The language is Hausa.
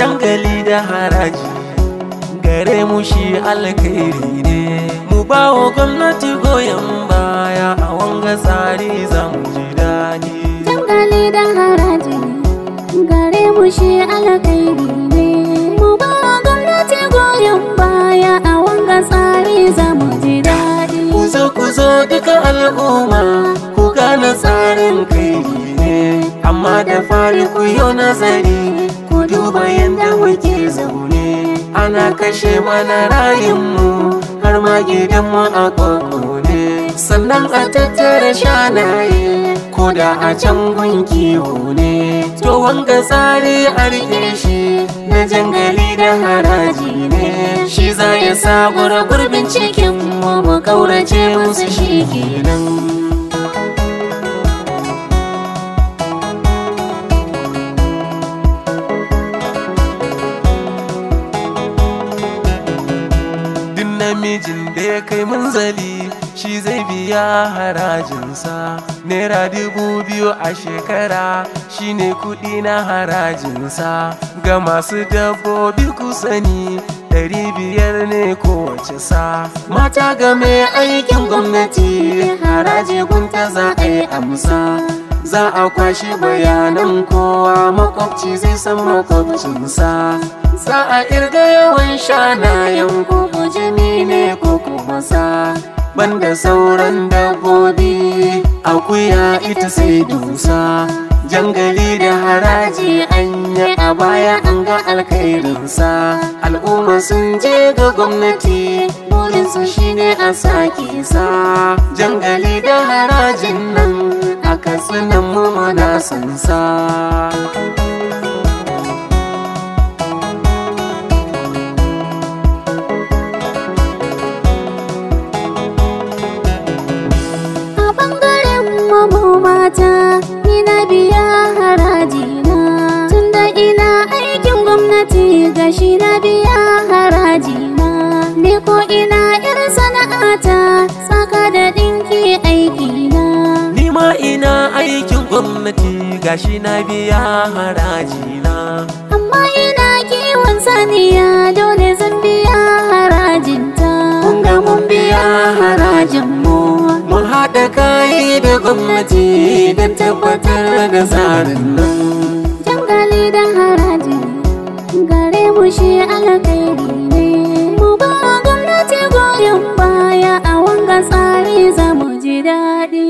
jangali da haraji gare mu shi alkhairi ne mu ba wa gwamnati goyon baya a wanga tsari za mu ji daɗi jangali da haraji gare mu shi alkhairi ne mu ba wa gwamnati goyon baya a wanga tsari za mu ji daɗi Kuzo-kuzo duka al'umma ku gane tsarin kai ne amma da fari ku yi nazari duba yadda muke zaune ana kashe mana rayunmu har ma gidanmu a kokone sannan a tattara shanaye ko da a can gun kiwo ne to wanga tsari a shi na jangali da haraji ne shi za ya sabura gurbin cikin mu mu kaurace musu shi kenan mijin da ya kai munzali shi zai biya harajinsa naira dubu biyu a shekara shi ne kuɗi na harajinsa ga masu dabbobi kusani ɗari biyar ne kowace sa mata game aikin gwamnati haraji gunta za a yi amsa za a kwashi bayanan kowa makwabci zai san makwabcinsa za a irga yawan shanayen kowa jini ne ko kuma sa banda sauran dabbobi akuya ita sai dusa jangali da haraji anya a baya an ga alkhairinsa al'umma sun je ga gwamnati burinsu shine a sake sa jangali da harajin nan a katsinan mu mana sa. gwamnati gashi na biya haraji ma ni ko ina yar sana'ata tsaka da dinki aiki na ni ma ina aikin gwamnati gashi na biya haraji na amma ina kiwon saniya dole zan biya harajinta kun ga mun biya harajin mu mun haɗa kai da gwamnati don tabbatar da tsarin nan alkhairi ne mu gwamnati goyon baya a wanga tsari za mu ji daɗi